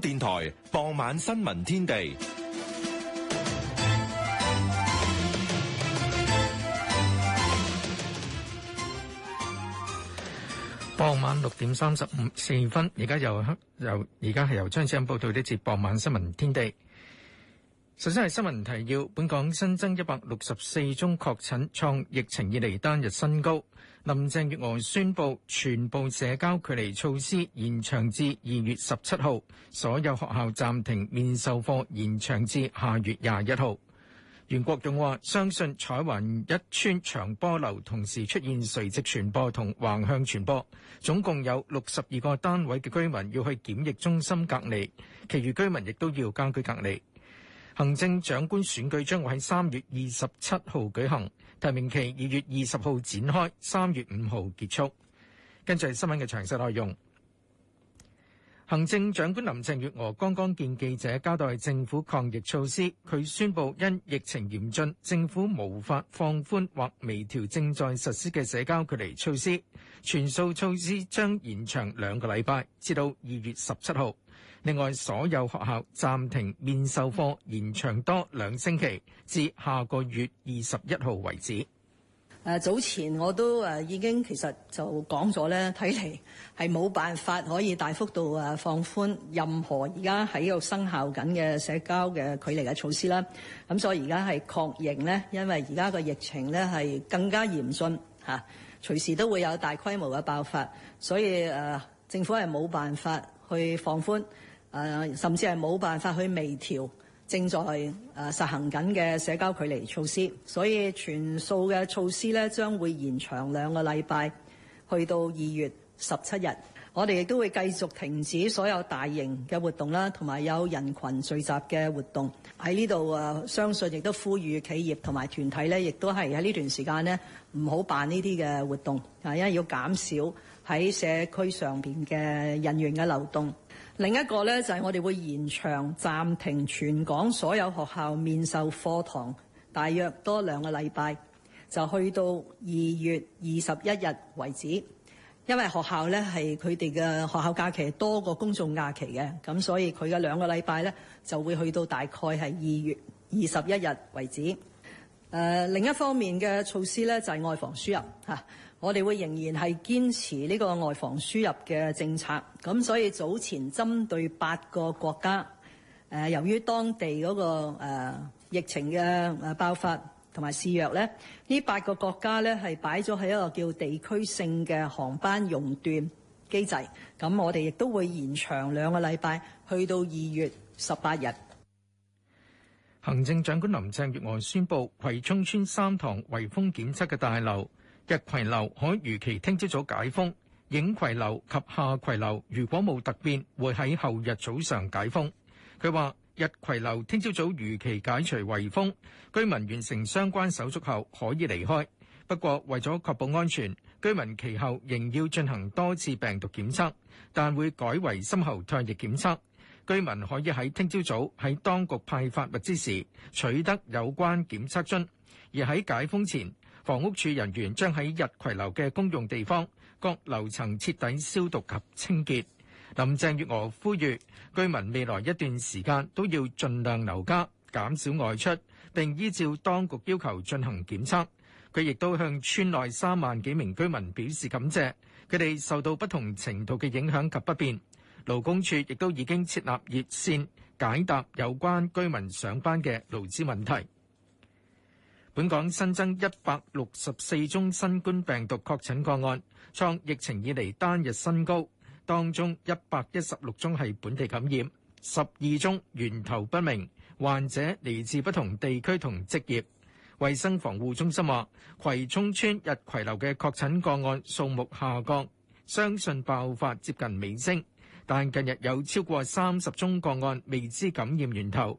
電台傍晚新聞天地，傍晚六點三十五四分，而家由由而家係由張生報道呢節傍晚新聞天地。首先係新聞提要。本港新增一百六十四宗確診，創疫情以嚟單日新高。林鄭月娥宣布，全部社交距離措施延長至二月十七號，所有學校暫停面授課，延長至下月廿一號。袁國勇話：相信彩雲一村長波樓同時出現垂直傳播同橫向傳播，總共有六十二個單位嘅居民要去檢疫中心隔離，其餘居民亦都要家居隔離。行政長官選舉將會喺三月二十七號舉行，提名期二月二十號展開，三月五號結束。跟住係新聞嘅詳細內容，行政長官林鄭月娥剛剛見記者交代政府抗疫措施，佢宣布因疫情嚴峻，政府無法放寬或微調正在實施嘅社交距離措施，全數措施將延長兩個禮拜，至到二月十七號。另外，所有學校暫停面授課，延長多兩星期，至下個月二十一號為止。誒早前我都誒已經其實就講咗咧，睇嚟係冇辦法可以大幅度誒放寬任何而家喺度生效緊嘅社交嘅距離嘅措施啦。咁、嗯、所以而家係確認咧，因為而家個疫情咧係更加嚴峻嚇、啊，隨時都會有大規模嘅爆發，所以誒、呃、政府係冇辦法去放寬。誒，甚至係冇辦法去微調正在誒實行緊嘅社交距離措施，所以全數嘅措施咧將會延長兩個禮拜，去到二月十七日。我哋亦都會繼續停止所有大型嘅活動啦，同埋有人群聚集嘅活動喺呢度誒。相信亦都呼籲企業同埋團體咧，亦都係喺呢段時間咧唔好辦呢啲嘅活動，啊，因為要減少喺社區上邊嘅人員嘅流動。另一個咧就係我哋會延長暫停全港所有學校面授課堂，大約多兩個禮拜，就去到二月二十一日為止。因為學校咧係佢哋嘅學校假期多過公眾假期嘅，咁所以佢嘅兩個禮拜咧就會去到大概係二月二十一日為止。誒、呃、另一方面嘅措施咧就係、係、外防輸入嚇。啊。我哋會仍然係堅持呢個外防輸入嘅政策，咁所以早前針對八個國家，誒、呃，由於當地嗰、那個、呃、疫情嘅誒爆發同埋肆虐，咧，呢八個國家咧係擺咗喺一個叫地區性嘅航班熔斷機制。咁我哋亦都會延長兩個禮拜，去到二月十八日。行政長官林鄭月娥宣布，葵涌村三幢圍封檢測嘅大樓。日葵樓可如期聽朝早解封，映葵樓及夏葵樓如果冇突變，會喺後日早上解封。佢話：日葵樓聽朝早如期解除圍封，居民完成相關手續後可以離開。不過為咗確保安全，居民其後仍要進行多次病毒檢測，但會改為深喉唾液檢測。居民可以喺聽朝早喺當局派發物資時取得有關檢測樽，而喺解封前。房屋署人員將喺日葵樓嘅公用地方各樓層徹底消毒及清潔。林鄭月娥呼籲，居民未來一段時間都要盡量留家，減少外出，並依照當局要求進行檢測。佢亦都向村內三萬幾名居民表示感謝，佢哋受到不同程度嘅影響及不便。勞工處亦都已經設立熱綫，解答有關居民上班嘅勞資問題。本港新增一百六十四宗新冠病毒確診個案，創疫情以嚟單日新高。當中一百一十六宗係本地感染，十二宗源頭不明。患者嚟自不同地區同職業。衛生防護中心話，葵涌邨逸葵樓嘅確診個案數目下降，相信爆發接近尾聲，但近日有超過三十宗個案未知感染源頭。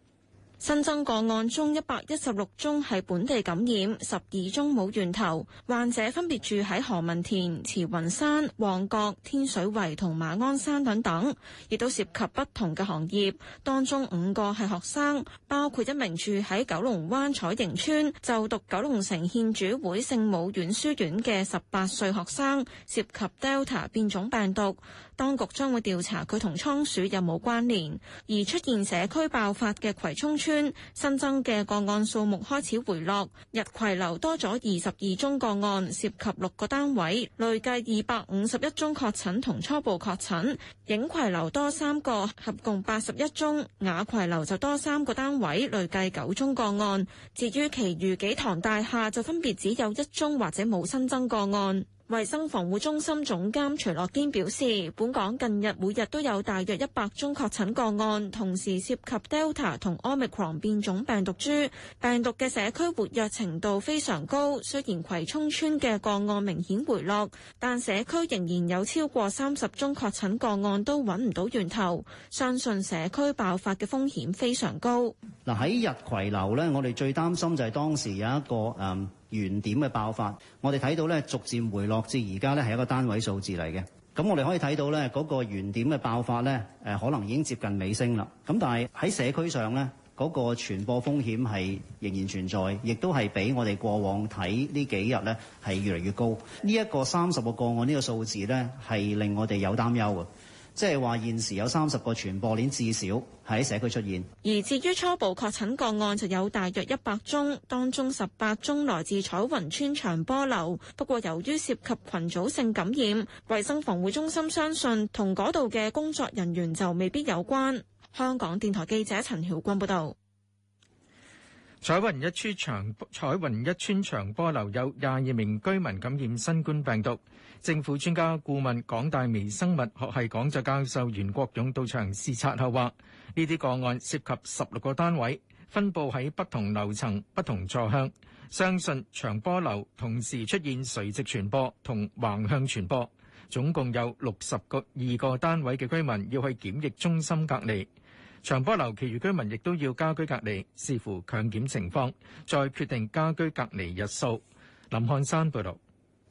新增個案中，一百一十六宗係本地感染，十二宗冇源頭。患者分別住喺何文田、慈雲山、旺角、天水圍同馬鞍山等等，亦都涉及不同嘅行業。當中五個係學生，包括一名住喺九龍灣彩盈邨，就讀九龍城獻主會聖母院書院嘅十八歲學生，涉及 Delta 變種病毒。當局將會調查佢同倉鼠有冇關聯，而出現社區爆發嘅葵涌村新增嘅個案數目開始回落。日葵樓多咗二十二宗個案，涉及六個單位，累計二百五十一宗確診同初步確診。影葵樓多三個，合共八十一宗，雅葵樓就多三個單位，累計九宗個案。至於其餘幾堂大廈就分別只有一宗或者冇新增個案。衛生防護中心總監徐樂堅表示，本港近日每日都有大約一百宗確診個案，同時涉及 Delta 同 Omicron 變種病毒株，病毒嘅社區活躍程度非常高。雖然葵涌村嘅個案明顯回落，但社區仍然有超過三十宗確診個案都揾唔到源頭，相信社區爆發嘅風險非常高。嗱喺逸葵樓咧，我哋最擔心就係當時有一個誒。Um, 原點嘅爆發，我哋睇到咧逐漸回落至而家咧係一個單位數字嚟嘅。咁我哋可以睇到咧嗰個原點嘅爆發咧，誒可能已經接近尾聲啦。咁但係喺社區上咧，嗰個傳播風險係仍然存在，亦都係比我哋過往睇呢幾日咧係越嚟越高。呢一個三十個個案呢個數字咧係令我哋有擔憂嘅。即係話現時有三十個傳播鏈，至少喺社區出現。而至於初步確診個案就有大約一百宗，當中十八宗來自彩雲村長波樓。不過由於涉及群組性感染，衞生防護中心相信同嗰度嘅工作人員就未必有關。香港電台記者陳曉君報道：彩雲一村長彩雲一村長波樓有廿二名居民感染新冠病毒。政府專家顧問、港大微生物學系講座教授袁國勇到場視察後話：呢啲個案涉及十六個單位，分布喺不同樓層、不同座向。相信長波樓同時出現垂直傳播同橫向傳播。總共有六十個二個單位嘅居民要去檢疫中心隔離。長波樓其餘居民亦都要家居隔離，視乎強檢情況，再決定家居隔離日數。林漢山報導。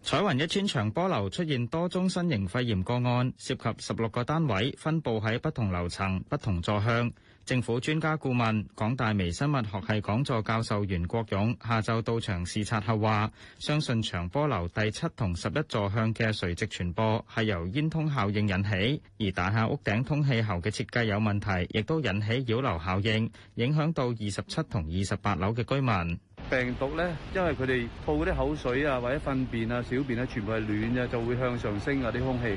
彩雲一村長波樓出現多宗新型肺炎個案，涉及十六個單位，分佈喺不同樓層、不同座向。政府專家顧問、港大微生物學系講座教授袁國勇下晝到場視察後話：相信長波樓第七同十一座向嘅垂直傳播係由煙通效應引起，而大廈屋頂通氣喉嘅設計有問題，亦都引起擾流效應，影響到二十七同二十八樓嘅居民。病毒咧，因為佢哋吐嗰啲口水啊，或者糞便啊、小便啊，全部係暖嘅，就會向上升嗰啲空氣，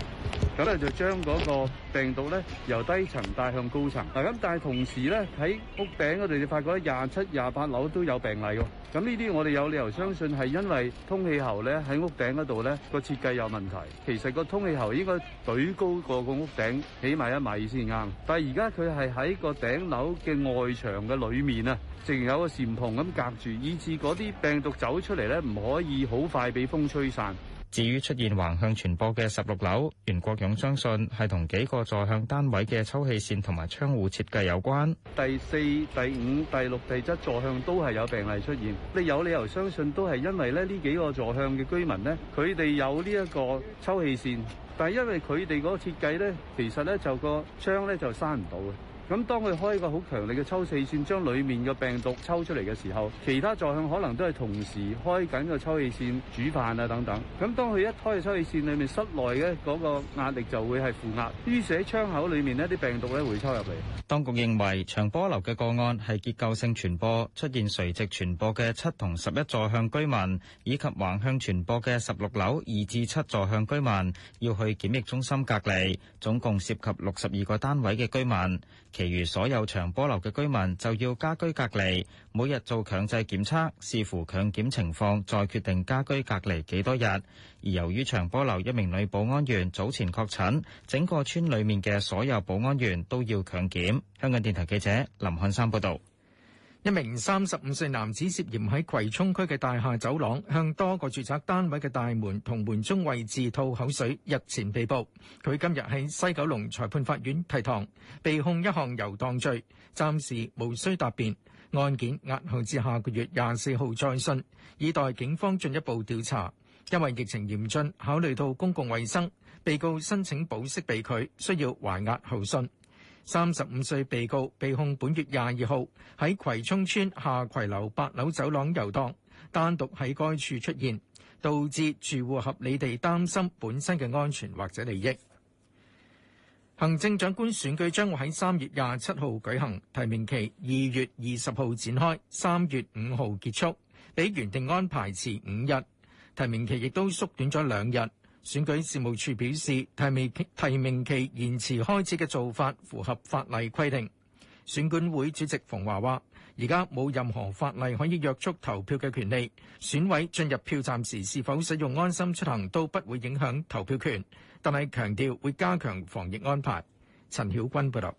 咁咧就將嗰個病毒咧由低層帶向高層。嗱，咁但係同時咧喺屋頂嗰度，你發覺廿七、廿八樓都有病例喎。咁呢啲我哋有理由相信係因為通氣喉咧喺屋頂嗰度咧個設計有問題。其實個通氣喉應該舉高過個屋頂，起碼一米先啱，但係而家佢係喺個頂樓嘅外牆嘅裡面啊。淨有個簷篷咁隔住，以致嗰啲病毒走出嚟咧，唔可以好快被風吹散。至於出現橫向傳播嘅十六樓，袁國勇相信係同幾個座向單位嘅抽氣扇同埋窗戶設計有關。第四、第五、第六、第七座向都係有病例出現，你有理由相信都係因為咧呢幾個座向嘅居民呢，佢哋有呢一個抽氣扇，但係因為佢哋個設計呢，其實呢就個窗咧就閂唔到嘅。咁當佢開一個好強力嘅抽氣扇，將裡面嘅病毒抽出嚟嘅時候，其他座向可能都係同時開緊個抽氣扇煮飯啊等等。咁當佢一開抽氣扇，裡面室內嘅嗰個壓力就會係負壓，於是喺窗口裏面呢啲病毒咧會抽入嚟。當局認為長波樓嘅個案係結構性傳播，出現垂直傳播嘅七同十一座向居民，以及橫向傳播嘅十六樓二至七座向居民要去檢疫中心隔離，總共涉及六十二個單位嘅居民。其餘所有長波樓嘅居民就要家居隔離，每日做強制檢測，視乎強檢情況，再決定家居隔離幾多日。而由於長波樓一名女保安員早前確診，整個村裡面嘅所有保安員都要強檢。香港電台記者林漢山報道。一名三十五歲男子涉嫌喺葵涌區嘅大廈走廊向多個住宅單位嘅大門同門中位置吐口水，日前被捕。佢今日喺西九龍裁判法院提堂，被控一項遊蕩罪，暫時無需答辯。案件押後至下個月廿四號再訊，以待警方進一步調查。因為疫情嚴峻，考慮到公共衛生，被告申請保釋被拒，需要還押候訊。三十五歲被告被控本月廿二號喺葵涌村下葵樓八樓走廊遊蕩，單獨喺該處出現，導致住戶合理地擔心本身嘅安全或者利益。行政長官選舉將會喺三月廿七號舉行，提名期二月二十號展開，三月五號結束，比原定安排遲五日，提名期亦都縮短咗兩日。選舉事務處表示，提名期延遲開始嘅做法符合法例規定。選管會主席馮華話，而家冇任何法例可以約束投票嘅權利。選委進入票站時是否使用安心出行都不會影響投票權，但係強調會加強防疫安排。陳曉君報道。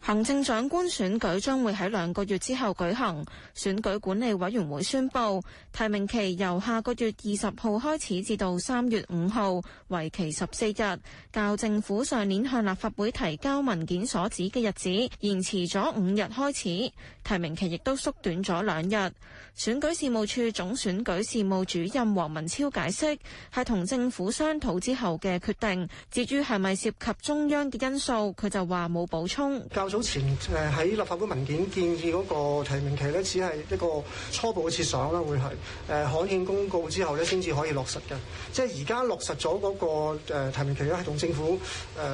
行政長官選舉將會喺兩個月之後舉行。選舉管理委員會宣布，提名期由下個月二十號開始至到三月五號，為期十四日，較政府上年向立法會提交文件所指嘅日子延遲咗五日開始。提名期亦都縮短咗兩日。選舉事務處總選舉事務主任黃文超解釋，係同政府商討之後嘅決定。至於係咪涉及中央嘅因素，佢就話冇補充。早前，誒喺立法會文件建議嗰個提名期呢，只係一個初步嘅設想啦，會係誒刊憲公告之後呢先至可以落實嘅。即係而家落實咗嗰個提名期咧，係同政府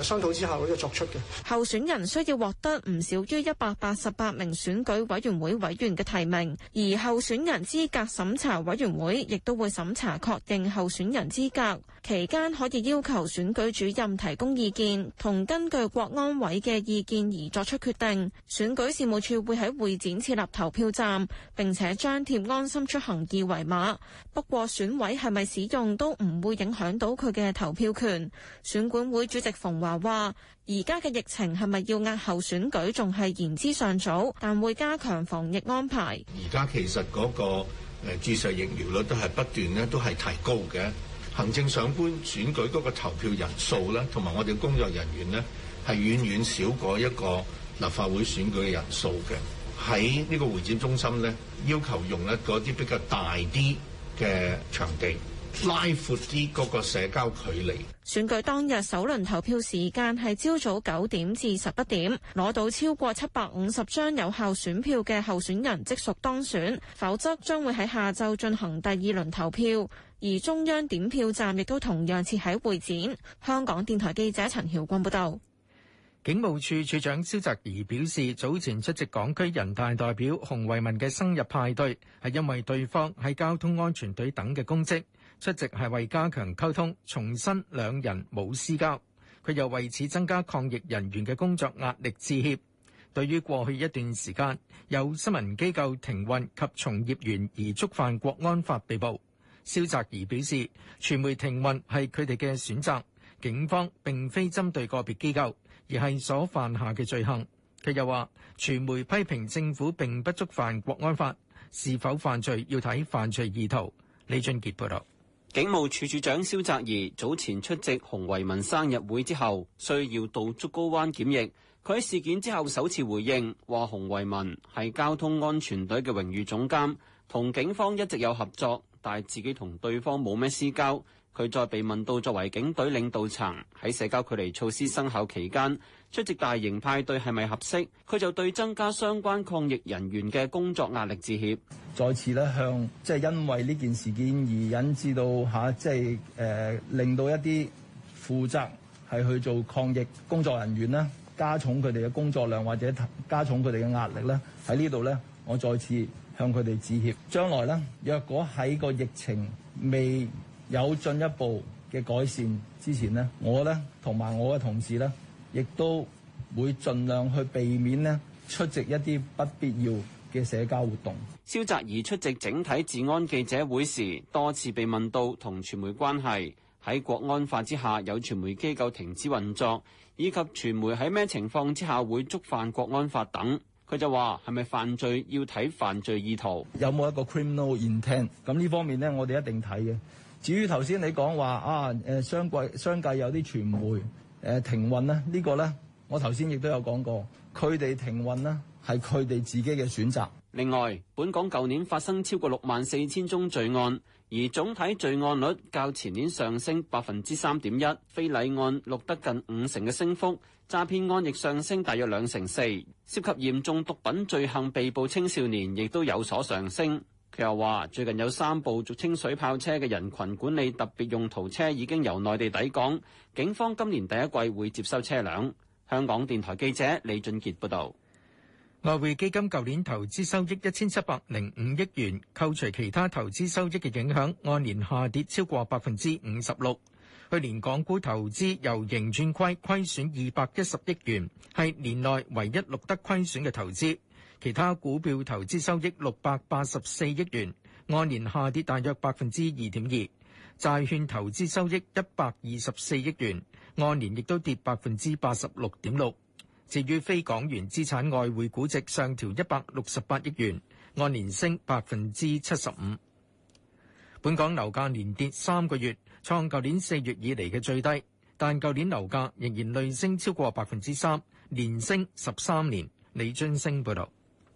誒商討之後咧，就作出嘅。候選人需要獲得唔少於一百八十八名選舉委員會委員嘅提名，而候選人資格審查委員會亦都會審查確定候選人資格。期間可以要求選舉主任提供意見，同根據國安委嘅意見而作出決定。選舉事務處會喺會展設立投票站，並且張貼安心出行二維碼。不過，選委係咪使用都唔會影響到佢嘅投票權。選管會主席馮華話，而家嘅疫情係咪要押後選舉，仲係言之尚早，但會加強防疫安排。而家其實嗰個誒注射疫苗率都係不斷咧，都係提高嘅。行政長官選舉嗰個投票人數呢，同埋我哋工作人員呢，係遠遠少過一個立法會選舉嘅人數嘅。喺呢個會展中心呢，要求用一嗰啲比較大啲嘅場地。拉闊啲嗰個社交距離。選舉當日首輪投票時間係朝早九點至十一點，攞到超過七百五十張有效選票嘅候選人即屬當選，否則將會喺下晝進行第二輪投票。而中央點票站亦都同樣設喺會展。香港電台記者陳曉光報道。警務處處長蕭澤頤表示，早前出席港區人大代表洪為民嘅生日派對，係因為對方係交通安全隊等嘅公職。出席係為加強溝通，重申兩人冇私交。佢又為此增加抗疫人員嘅工作壓力致歉。對於過去一段時間有新聞機構停運及從業員而觸犯國安法被捕，肖澤怡表示，傳媒停運係佢哋嘅選擇，警方並非針對個別機構，而係所犯下嘅罪行。佢又話，傳媒批評政府並不觸犯國安法，是否犯罪要睇犯罪意圖。李俊傑報道。警務處處長蕭澤頤早前出席洪為民生日會之後，需要到竹篙灣檢疫。佢喺事件之後首次回應，話洪為民係交通安全隊嘅榮譽總監，同警方一直有合作，但係自己同對方冇咩私交。佢再被問到作為警隊領導層喺社交距離措施生效期間出席大型派對係咪合適？佢就對增加相關抗疫人員嘅工作壓力致歉，再次咧向，即係、就是、因為呢件事件而引致到嚇，即係誒，令到一啲負責係去做抗疫工作人員咧，加重佢哋嘅工作量或者加重佢哋嘅壓力咧，喺呢度咧我再次向佢哋致歉。將來呢，若果喺個疫情未有進一步嘅改善之前呢，我呢同埋我嘅同事呢，亦都會盡量去避免呢出席一啲不必要嘅社交活動。蕭澤頤出席整體治安記者會時，多次被問到同傳媒關係。喺國安法之下有傳媒機構停止運作，以及傳媒喺咩情況之下會觸犯國安法等。佢就話：係咪犯罪要睇犯罪意圖，有冇一個 criminal intent？咁呢方面呢，我哋一定睇嘅。至於頭先你講話啊，誒商界商界有啲傳媒誒、呃、停運咧，呢、呢個呢，我頭先亦都有講過，佢哋停運咧係佢哋自己嘅選擇。另外，本港舊年發生超過六萬四千宗罪案，而總體罪案率較前年上升百分之三點一，非禮案錄得近五成嘅升幅，詐騙案亦上升大約兩成四，涉及嚴重毒品罪行被捕青少年亦都有所上升。佢又話：最近有三部俗稱水炮車嘅人群管理特別用途車已經由內地抵港，警方今年第一季會接收車輛。香港電台記者李俊傑報導。外匯基金舊年投資收益一千七百零五億元，扣除其他投資收益嘅影響，按年下跌超過百分之五十六。去年港股投資由盈轉虧，虧損二百一十億元，係年內唯一錄得虧損嘅投資。其他股票投資收益六百八十四億元，按年下跌大約百分之二點二；債券投資收益一百二十四億元，按年亦都跌百分之八十六點六。至於非港元資產外匯估值上調一百六十八億元，按年升百分之七十五。本港樓價連跌三個月，創舊年四月以嚟嘅最低，但舊年樓價仍然累升超過百分之三，連升十三年。李津升報道。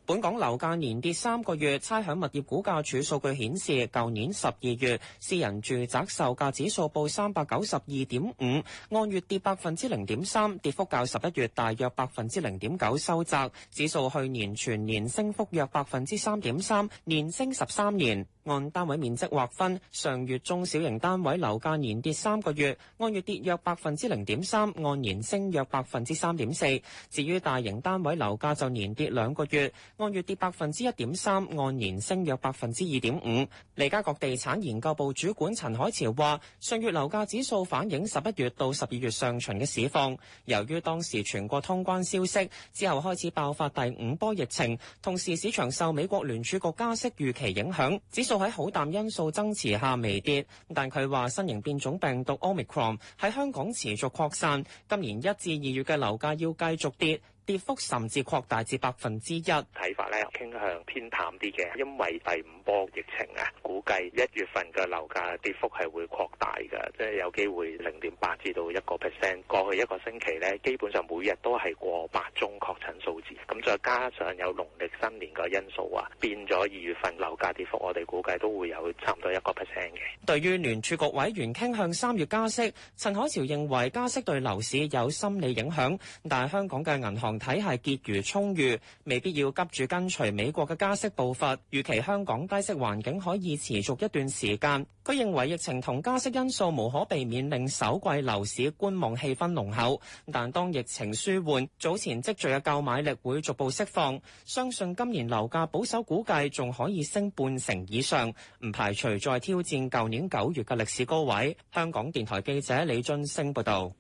本港樓價連跌三個月，差餉物業估價署數據顯示，舊年十二月私人住宅售價指數報三百九十二點五，按月跌百分之零點三，跌幅較十一月大約百分之零點九收窄。指數去年全年升幅約百分之三點三，年升十三年。按單位面積劃分，上月中小型單位樓價連跌三個月，按月跌約百分之零點三，按年升約百分之三點四。至於大型單位樓價就連跌兩個月。按月跌百分之一點三，按年升約百分之二點五。利嘉閣地產研究部主管陳海潮話：上月樓價指數反映十一月到十二月上旬嘅市況，由於當時全國通關消息之後開始爆發第五波疫情，同時市場受美國聯儲局加息預期影響，指數喺好淡因素增持下微跌。但佢話新型變種病毒 Omicron 喺香港持續擴散，今年一至二月嘅樓價要繼續跌。跌幅甚至擴大至百分之一，睇法咧，傾向偏淡啲嘅。因為第五波疫情啊，估計一月份嘅樓價跌幅係會擴大嘅，即係有機會零點八至到一個 percent。過去一個星期咧，基本上每日都係過百宗確診數字，咁再加上有農曆新年個因素啊，變咗二月份樓價跌幅，我哋估計都會有差唔多一個 percent 嘅。對於聯儲局委員傾向三月加息，陳海潮認為加息對樓市有心理影響，但係香港嘅銀行。體系結餘充裕，未必要急住跟隨美國嘅加息步伐。預期香港低息環境可以持續一段時間，佢認為疫情同加息因素無可避免令首季樓市觀望氣氛濃厚，但當疫情舒緩，早前積聚嘅購買力會逐步釋放。相信今年樓價保守估計仲可以升半成以上，唔排除再挑戰舊年九月嘅歷史高位。香港電台記者李俊升報道。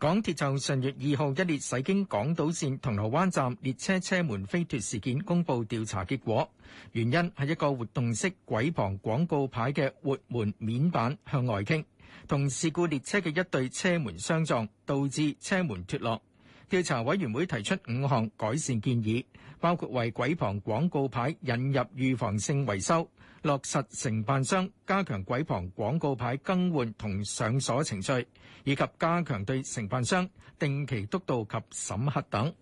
港鐵就上月二號一列駛經港島線銅鑼灣站列車車門飛脱事件，公布調查結果。原因係一個活動式軌旁廣告牌嘅活門面板向外傾，同事故列車嘅一對車門相撞，導致車門脱落。調查委員會提出五項改善建議，包括為軌旁廣告牌引入預防性維修。落實承辦商加強軌旁廣告牌更換同上鎖程序，以及加強對承辦商定期督導及審核等。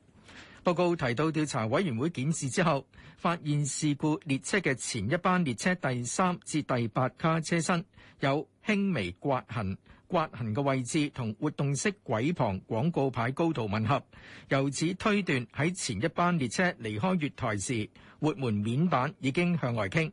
報告提到，調查委員會檢視之後，發現事故列車嘅前一班列車第三至第八卡車身有輕微刮痕，刮痕嘅位置同活動式軌旁廣告牌高度吻合，由此推斷喺前一班列車離開月台時，活門面板已經向外傾。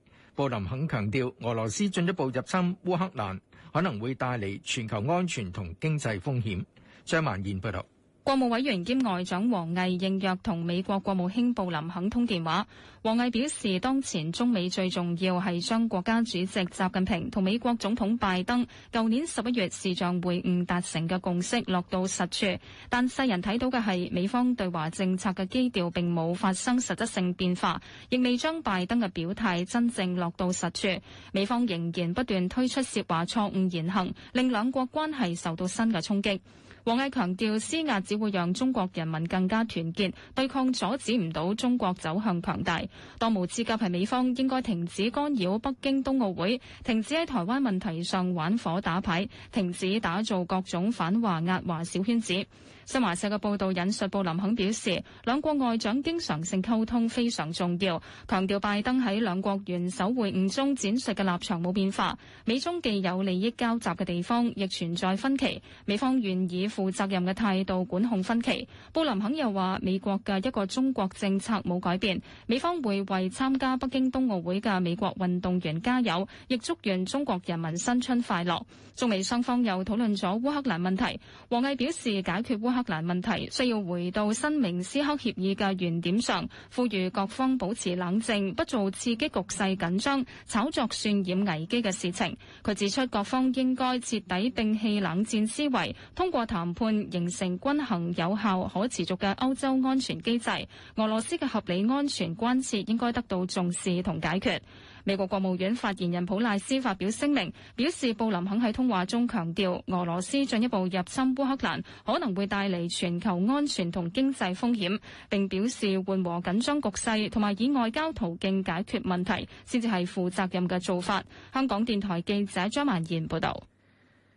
布林肯強調俄羅斯進一步入侵烏克蘭可能會帶嚟全球安全同經濟風險，張曼燕報道。國務委員兼外長王毅應約同美國國務卿布林肯通電話。王毅表示，當前中美最重要係將國家主席習近平同美國總統拜登舊年十一月視像會晤達成嘅共識落到實處，但世人睇到嘅係美方對華政策嘅基調並冇發生實質性變化，亦未將拜登嘅表態真正落到實處。美方仍然不斷推出涉華錯誤言行，令兩國關係受到新嘅衝擊。王毅強調，施壓只會讓中國人民更加團結，對抗阻止唔到中國走向強大。當務之急係美方應該停止干擾北京冬奧會，停止喺台灣問題上玩火打牌，停止打造各種反華壓華小圈子。新華社嘅報道引述布林肯表示，兩國外長經常性溝通非常重要，強調拜登喺兩國元首會晤中展述嘅立場冇變化。美中既有利益交集嘅地方，亦存在分歧，美方願以負責任嘅態度管控分歧。布林肯又話，美國嘅一個中國政策冇改變，美方會為參加北京冬奧會嘅美國運動員加油，亦祝願中國人民新春快樂。中美雙方又討論咗烏克蘭問題，王毅表示，解決烏克蘭難問題需要回到《新明斯克協議》嘅原點上，呼籲各方保持冷靜，不做刺激局勢緊張、炒作渲染危機嘅事情。佢指出，各方應該徹底摒棄冷戰思維，通過談判形成均衡、有效、可持續嘅歐洲安全機制。俄羅斯嘅合理安全關切應該得到重視同解決。美國國務院發言人普賴斯發表聲明，表示布林肯喺通話中強調，俄羅斯進一步入侵烏克蘭可能會帶嚟全球安全同經濟風險。並表示緩和緊張局勢同埋以，以外交途徑解決問題，先至係負責任嘅做法。香港電台記者張曼賢報道。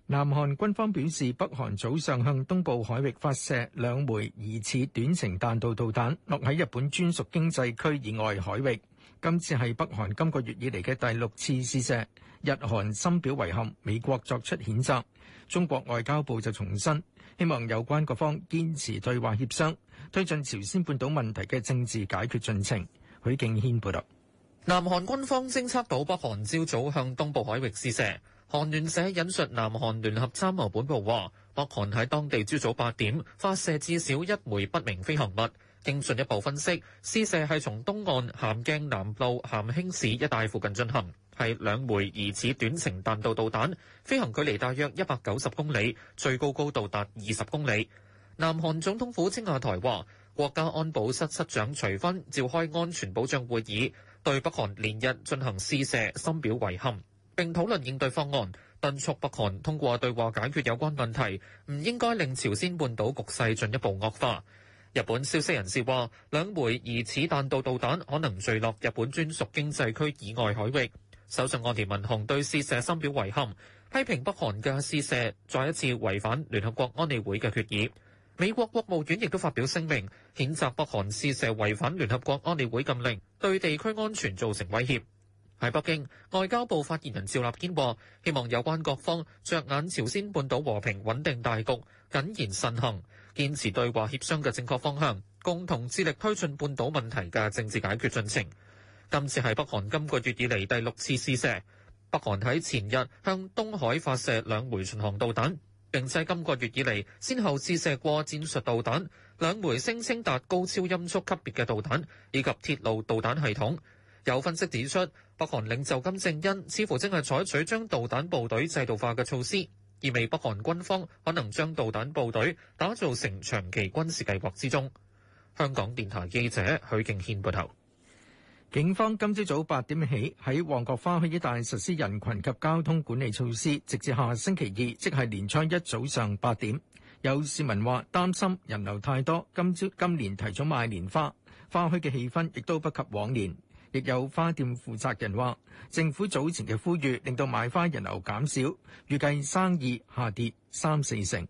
南韓軍方表示，北韓早上向東部海域發射兩枚疑似短程彈道導彈，落喺日本專屬經濟區以外海域。今次係北韓今個月以嚟嘅第六次試射，日韓深表遺憾，美國作出譴責。中國外交部就重申，希望有關各方堅持對話協商，推進朝鮮半島問題嘅政治解決進程。許敬軒報道。南韓軍方偵測到北韓朝早向東部海域試射，韓聯社引述南韓聯合參謀本部話，北韓喺當地朝早八點發射至少一枚不明飛行物。經進一步分析，試射係從東岸咸鏡南路咸興市一帶附近進行，係兩枚疑似短程彈道導彈，飛行距離大約一百九十公里，最高高度達二十公里。南韓總統府青瓦台話，國家安保室室長徐芬召開安全保障會議，對北韓連日進行試射深表遺憾，並討論應對方案，敦促北韓通過對話解決有關問題，唔應該令朝鮮半島局勢進一步惡化。日本消息人士話，兩枚疑似彈道導彈可能墜落日本專屬經濟區以外海域。首相岸田文雄對試射深表遺憾，批評北韓嘅試射再一次違反聯合國安理會嘅決議。美國國務院亦都發表聲明，譴責北韓試射違反聯合國安理會禁令，對地區安全造成威脅。喺北京，外交部發言人趙立堅話，希望有關各方着眼朝鮮半島和平穩定大局，謹言慎行，堅持對話協商嘅正確方向，共同致力推進半島問題嘅政治解決進程。今次係北韓今個月以嚟第六次試射。北韓喺前日向東海發射兩枚巡航導彈，並且今個月以嚟，先後試射過戰術導彈、兩枚聲稱達高超音速級別嘅導彈、以及鐵路導彈系統。有分析指出，北韓領袖金正恩似乎正係採取將導彈部隊制度化嘅措施，意味北韓軍方可能將導彈部隊打造成長期軍事計劃之中。香港電台記者許敬軒報道。警方今朝早八點起喺旺角花墟一帶實施人群及交通管理措施，直至下星期二，即係年初一早上八點。有市民話擔心人流太多，今朝今年提早賣年花，花墟嘅氣氛亦都不及往年。亦有花店負責人話，政府早前嘅呼籲令到買花人流減少，預計生意下跌三四成。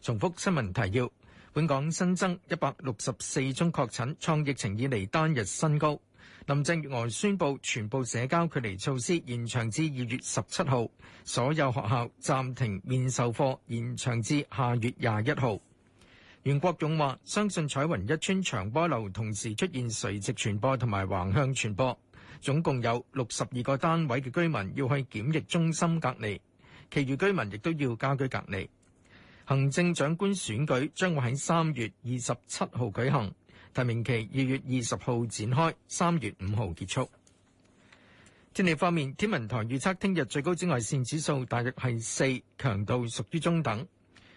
重複新聞提要：本港新增一百六十四宗確診，創疫情以嚟單日新高。林鄭月娥宣布，全部社交距離措施延長至二月十七號，所有學校暫停面授課延長至下月廿一號。袁國勇話：相信彩雲一村長波樓同時出現垂直傳播同埋橫向傳播，總共有六十二個單位嘅居民要去檢疫中心隔離，其餘居民亦都要家居隔離。行政長官選舉將會喺三月二十七號舉行，提名期二月二十號展開，三月五號結束。天氣方面，天文台預測聽日最高紫外線指數大約係四，強度屬於中等。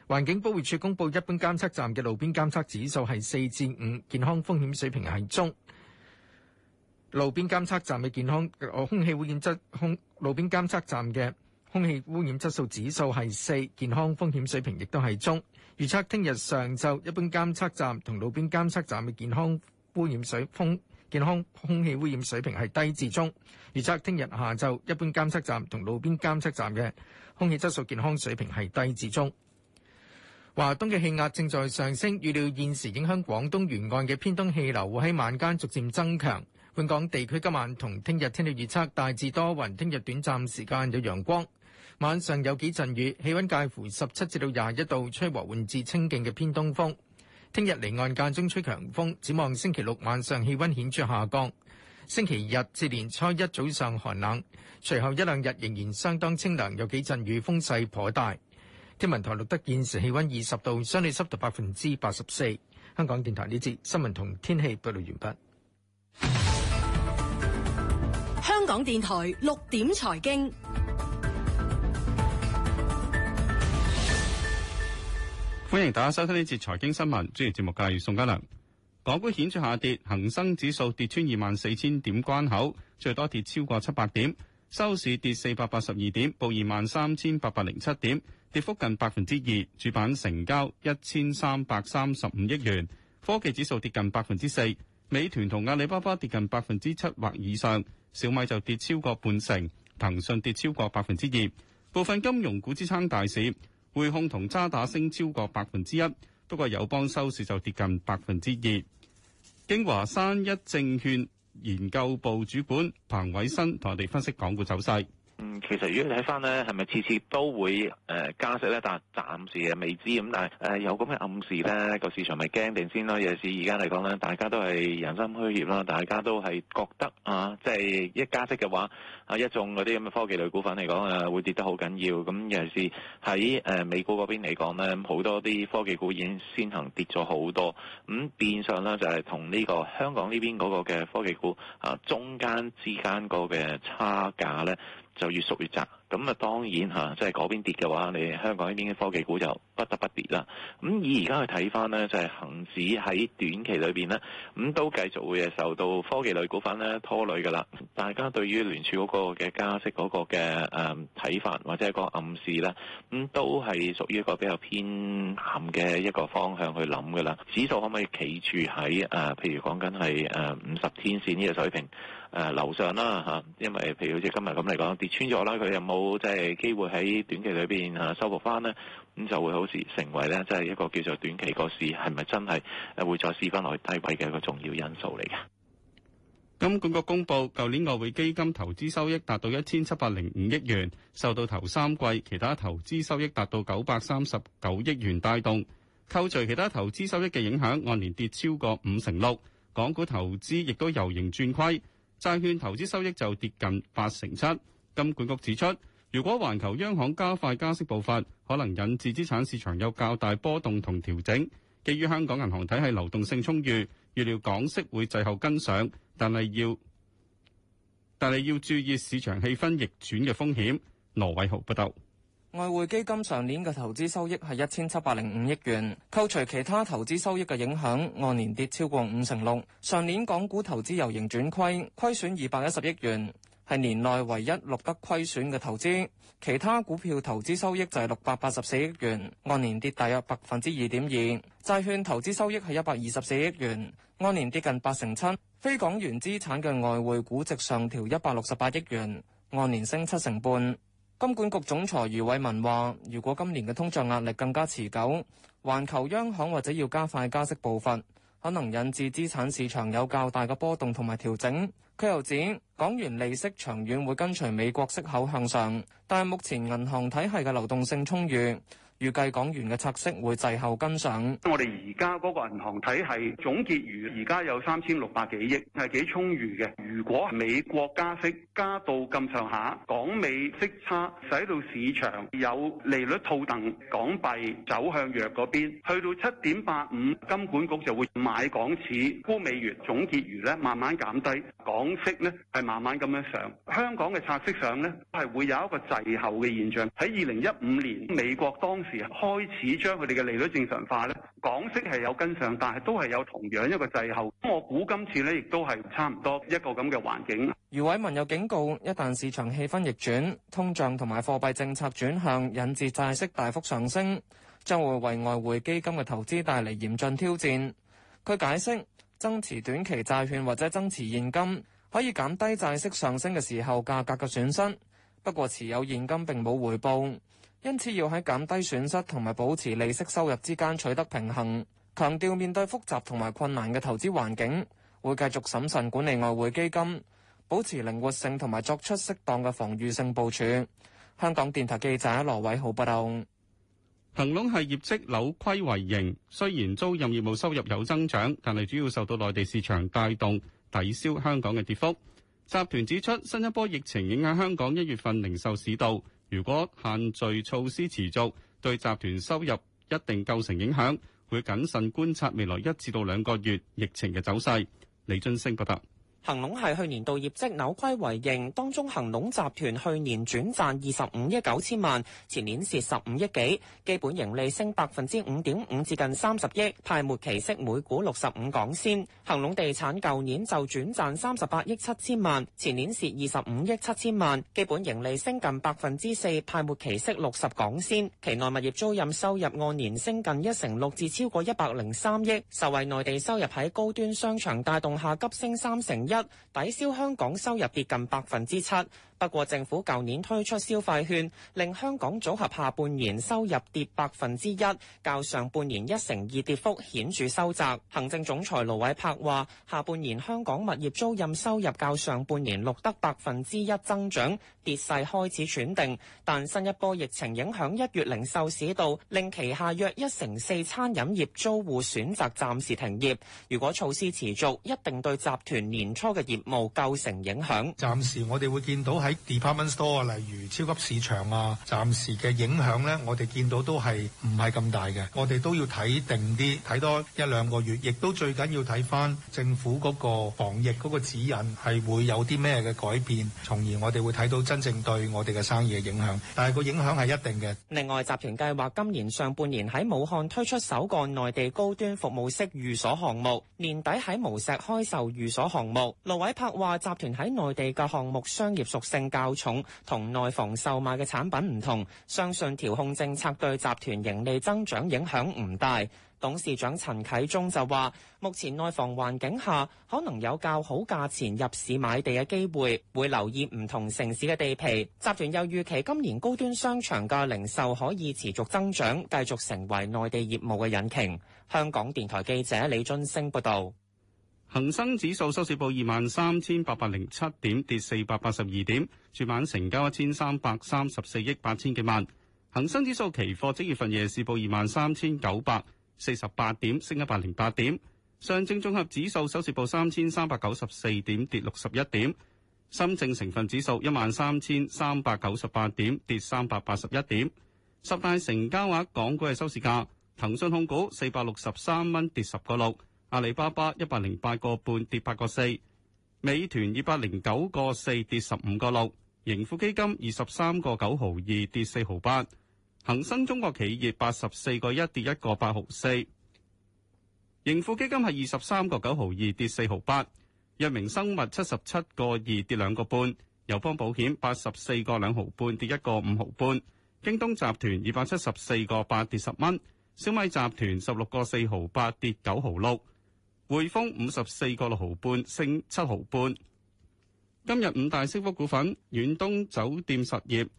環境保護署公布一般監測站嘅路邊監測指數係四至五，健康風險水平係中。路邊監測站嘅健康空氣污染質空路邊監測站嘅空氣污染質素指數係四，健康風險水平亦都係中。預測聽日上晝一般監測站同路邊監測站嘅健康污染水風健康空氣污染水平係低至中。預測聽日下晝一般監測站同路邊監測站嘅空氣質素健康水平係低至中。華東嘅氣壓正在上升，預料現時影響廣東沿岸嘅偏東氣流會喺晚間逐漸增強。本港地區今晚同聽日天氣預測大致多雲，聽日短暫時間有陽光，晚上有幾陣雨，氣温介乎十七至到廿一度，吹和緩至清勁嘅偏東風。聽日離岸間中吹強風，展望星期六晚上氣温顯著下降，星期日至年初一早上寒冷，隨後一兩日仍然相當清涼，有幾陣雨，風勢頗大。天文台錄得現時氣溫二十度，相對濕度百分之八十四。香港電台呢節新聞同天氣報道完畢。香港電台六點財經，歡迎大家收聽呢節財經新聞。主持節目嘅係宋嘉良。港股顯著下跌，恒生指數跌穿二萬四千點關口，最多跌超過七百點。收市跌四百八十二點，報二萬三千八百零七點，跌幅近百分之二。主板成交一千三百三十五億元，科技指數跌近百分之四。美團同阿里巴巴跌近百分之七或以上，小米就跌超過半成，騰訊跌超過百分之二。部分金融股支撐大市，匯控同渣打升超過百分之一，不過友邦收市就跌近百分之二。京華山一證券研究部主管彭偉新同我哋分析港股走勢。嗯，其實如果你睇翻咧，係咪次次都會誒加息咧？但係暫時誒未知咁，但係誒有咁嘅暗示咧，個市場咪驚定先咯？尤其是而家嚟講咧，大家都係人心虛熱啦，大家都係覺得啊，即係一加息嘅話，啊一眾嗰啲咁嘅科技類股份嚟講誒，會跌得好緊要。咁尤其是喺誒美股嗰邊嚟講咧，好多啲科技股已經先行跌咗好多。咁、嗯、變相咧就係同呢個香港呢邊嗰個嘅科技股啊，中間之間個嘅差價咧。就越熟越雜。So 咁啊，當然嚇，即係嗰邊跌嘅話，你香港呢邊嘅科技股就不得不跌啦。咁以而家去睇翻呢，就係、是、恆指喺短期裏邊呢，咁都繼續會受到科技類股份呢拖累嘅啦。大家對於聯儲嗰個嘅加息嗰個嘅誒睇法或者係個暗示呢，咁、嗯、都係屬於一個比較偏鹹嘅一個方向去諗嘅啦。指數可唔可以企住喺誒、呃，譬如講緊係誒五十天線呢個水平誒樓、呃、上啦嚇、啊？因為譬如好似今日咁嚟講，跌穿咗啦，佢又冇。即係機會喺短期裏邊啊，收復翻呢，咁就會好似成為咧，即係一個叫做短期個市係咪真係誒會再試翻落去低位嘅一個重要因素嚟嘅。金管局公布，舊年外匯基金投資收益達到一千七百零五億元，受到頭三季其他投資收益達到九百三十九億元帶動，扣除其他投資收益嘅影響，按年跌超過五成六。港股投資亦都由盈轉虧，債券投資收益就跌近八成七。金管局指出。如果環球央行加快加息步伐，可能引致資產市場有較大波動同調整。基於香港銀行體系流動性充裕，預料港息會滯後跟上，但係要但係要注意市場氣氛逆轉嘅風險。羅偉豪報道，外匯基金上年嘅投資收益係一千七百零五億元，扣除其他投資收益嘅影響，按年跌超過五成六。上年港股投資由盈轉虧，虧損二百一十億元。係年內唯一錄得虧損嘅投資，其他股票投資收益就係六百八十四億元，按年跌大約百分之二點二；債券投資收益係一百二十四億元，按年跌近八成七。非港元資產嘅外匯估值上調一百六十八億元，按年升七成半。金管局總裁余偉文話：如果今年嘅通脹壓力更加持久，環球央行或者要加快加息步伐。可能引致資產市場有較大嘅波動同埋調整。佢又指，港元利息長遠會跟隨美國息口向上，但係目前銀行體系嘅流動性充裕。預計港元嘅拆息會滯後跟上。我哋而家嗰個銀行體系總結餘，而家有三千六百幾億，係幾充裕嘅。如果美國加息加到咁上下，港美息差使到市場有利率套戥港幣走向弱嗰邊，去到七點八五，金管局就會買港紙沽美元總結餘咧，慢慢減低港息咧，係慢慢咁樣上。香港嘅拆息上咧，係會有一個滯後嘅現象。喺二零一五年美國當時開始將佢哋嘅利率正常化咧，港息係有跟上，但係都係有同樣一個滯後。咁我估今次咧，亦都係差唔多一個咁嘅環境。余偉文有警告，一旦市場氣氛逆轉，通脹同埋貨幣政策轉向，引致債息大幅上升，將會為外匯基金嘅投資帶嚟嚴峻挑戰。佢解釋，增持短期債券或者增持現金，可以減低債息上升嘅時候價格嘅損失。不過持有現金並冇回報。因此要喺減低損失同埋保持利息收入之間取得平衡，強調面對複雜同埋困難嘅投資環境，會繼續審慎管理外匯基金，保持靈活性同埋作出適當嘅防禦性部署。香港電台記者羅偉浩報道。恒隆係業績扭虧為盈，雖然租賃業務收入有增長，但係主要受到內地市場帶動，抵消香港嘅跌幅。集團指出，新一波疫情影響香港一月份零售市道。如果限聚措施持續對集團收入一定構成影響，會謹慎觀察未來一至到兩個月疫情嘅走勢，李俊升報道。拜拜恒隆係去年度業績扭虧為盈，當中恒隆集團去年轉賺二十五億九千萬，前年蝕十五億幾，基本盈利升百分之五點五至近三十億，派末期息每股六十五港仙。恒隆地產舊年就轉賺三十八億七千萬，前年蝕二十五億七千萬，基本盈利升近百分之四，派末期息六十港仙。期內物業租賃收入按年升近一成六至超過一百零三億，受惠內地收入喺高端商場帶動下急升三成。一抵消香港收入跌近百分之七。不過政府舊年推出消費券，令香港組合下半年收入跌百分之一，較上半年一成二跌幅顯著收窄。行政總裁盧偉柏話：下半年香港物業租賃收入較上半年錄得百分之一增長，跌勢開始喘定。但新一波疫情影響一月零售市道，令旗下約一成四餐飲業租戶選擇暫時停業。如果措施持續，一定對集團年初嘅業務構成影響。暫時我哋會見到。喺 department store 啊，例如超級市場啊，暫時嘅影響咧，我哋見到都係唔係咁大嘅。我哋都要睇定啲，睇多一兩個月，亦都最緊要睇翻政府嗰個防疫嗰個指引係會有啲咩嘅改變，從而我哋會睇到真正對我哋嘅生意嘅影響。但係個影響係一定嘅。另外，集團計劃今年上半年喺武漢推出首個內地高端服務式寓所項目，年底喺無錫開售寓所項目。盧偉柏話：集團喺內地嘅項目商業熟性較重同內房售賣嘅產品唔同，相信調控政策對集團盈利增長影響唔大。董事長陳啟宗就話：目前內房環境下，可能有較好價錢入市買地嘅機會，會留意唔同城市嘅地皮。集團又預期今年高端商場嘅零售可以持續增長，繼續成為內地業務嘅引擎。香港電台記者李俊升報道。恒生指數收市報二萬三千八百零七點，跌四百八十二點。主板成交一千三百三十四億八千幾萬。恒生指數期貨即月份夜市報二萬三千九百四十八點，升一百零八點。上證綜合指數收市報三千三百九十四點，跌六十一點。深證成分指數一萬三千三百九十八點，跌三百八十一點。十大成交額港股嘅收市價，騰訊控股四百六十三蚊，跌十個六。阿里巴巴一百零八個半跌八個四，美團二百零九個四跌十五個六，盈富基金二十三個九毫二跌四毫八，恒生中國企業八十四個一跌一個八毫四，盈富基金係二十三個九毫二跌四毫八，藥明生物七十七個二跌兩個半，友邦保險八十四個兩毫半跌一個五毫半，京東集團二百七十四個八跌十蚊，小米集團十六個四毫八跌九毫六。匯豐五十四個六毫半升七毫半。今日五大升幅股份：遠東酒店實業、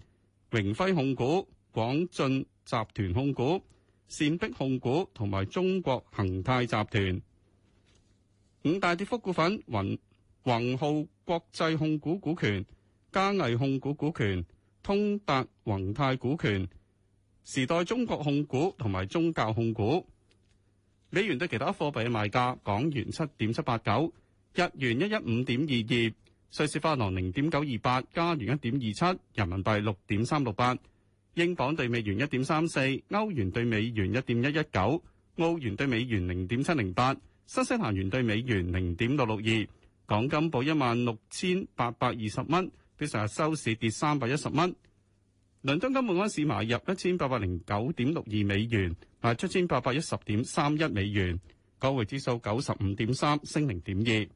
榮輝控股、廣進集團控股、善碧控股同埋中國恒泰集團。五大跌幅股份：宏宏浩國際控股股權、嘉藝控股股權、通達宏泰股權、時代中國控股同埋中教控股。美元對其他貨幣嘅賣價：港元七點七八九，日元一一五點二二，瑞士法郎零點九二八，加元一點二七，人民幣六點三六八，英鎊對美元一點三四，歐元對美元一點一一九，澳元對美元零點七零八，新西蘭元對美元零點六六二。港金報一萬六千八百二十蚊，比成日收市跌三百一十蚊。倫敦金每盎司買入一千八百零九點六二美元。啊，七千八百一十點三一美元，個匯指數九十五點三，升零點二。